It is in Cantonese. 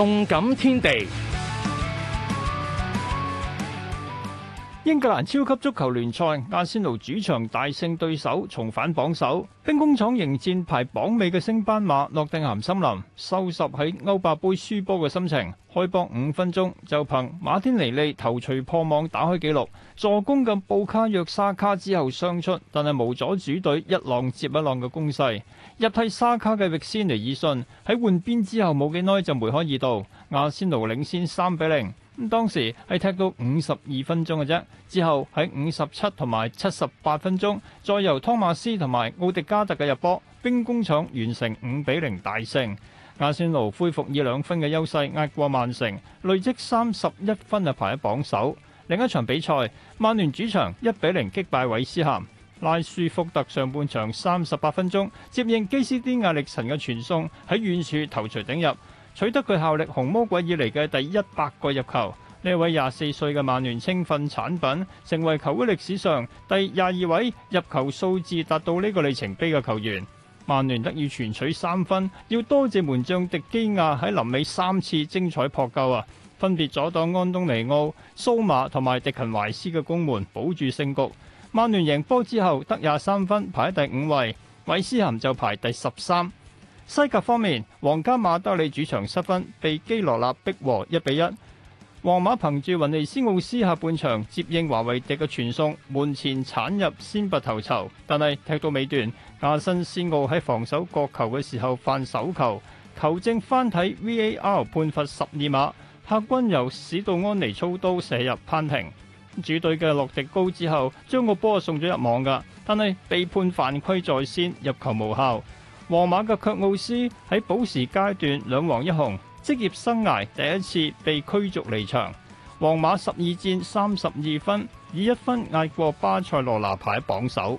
動感天地，英格蘭超級足球聯賽，阿仙奴主場大勝對手，重返榜首。兵工廠迎戰排榜尾嘅升班馬諾定咸森林，收拾喺歐霸盃輸波嘅心情。開波五分鐘就憑馬天尼利頭槌破網打開記錄，助攻嘅布卡約沙卡之後傷出，但係無阻主隊一浪接一浪嘅攻勢。入替沙卡嘅域先尼爾遜喺換邊之後冇幾耐就梅開二度，阿仙奴領先三比零。咁當時係踢到五十二分鐘嘅啫，之後喺五十七同埋七十八分鐘，再由湯馬斯同埋奧迪加特嘅入波，兵工廠完成五比零大勝。阿仙奴恢復以兩分嘅優勢壓過曼城，累積三十一分啊，排喺榜首。另一場比賽，曼聯主場一比零擊敗韋斯咸，拉舒福特上半場三十八分鐘接應基斯甸艾歷臣嘅傳送，喺遠處頭槌頂入，取得佢效力紅魔鬼以嚟嘅第一百個入球。呢位廿四歲嘅曼聯青訓產品，成為球會歷史上第廿二位入球數字達到呢個里程碑嘅球員。曼聯得以全取三分，要多謝門將迪基亞喺臨尾三次精彩撲救啊！分別阻擋安東尼奧、蘇馬同埋迪勤懷斯嘅攻門，保住勝局。曼聯贏波之後得廿三分，排喺第五位。韋斯咸就排第十三。西甲方面，皇家馬德里主場失分，被基羅納逼和一比一。皇馬憑住雲尼斯奧斯下半場接應華為迪嘅傳送，門前鏟入先拔頭籌。但係踢到尾段，亞新斯奧喺防守角球嘅時候犯手球，球證翻睇 VAR 判罰十二碼。客軍由史道安尼操刀射入扳平，主隊嘅洛迪高之後將個波送咗入網噶，但係被判犯規在先，入球無效。皇馬嘅卻奧斯喺補時階段兩黃一紅，職業生涯第一次被驅逐離場，皇馬十二戰三十二分，以一分壓過巴塞隆拿排榜首。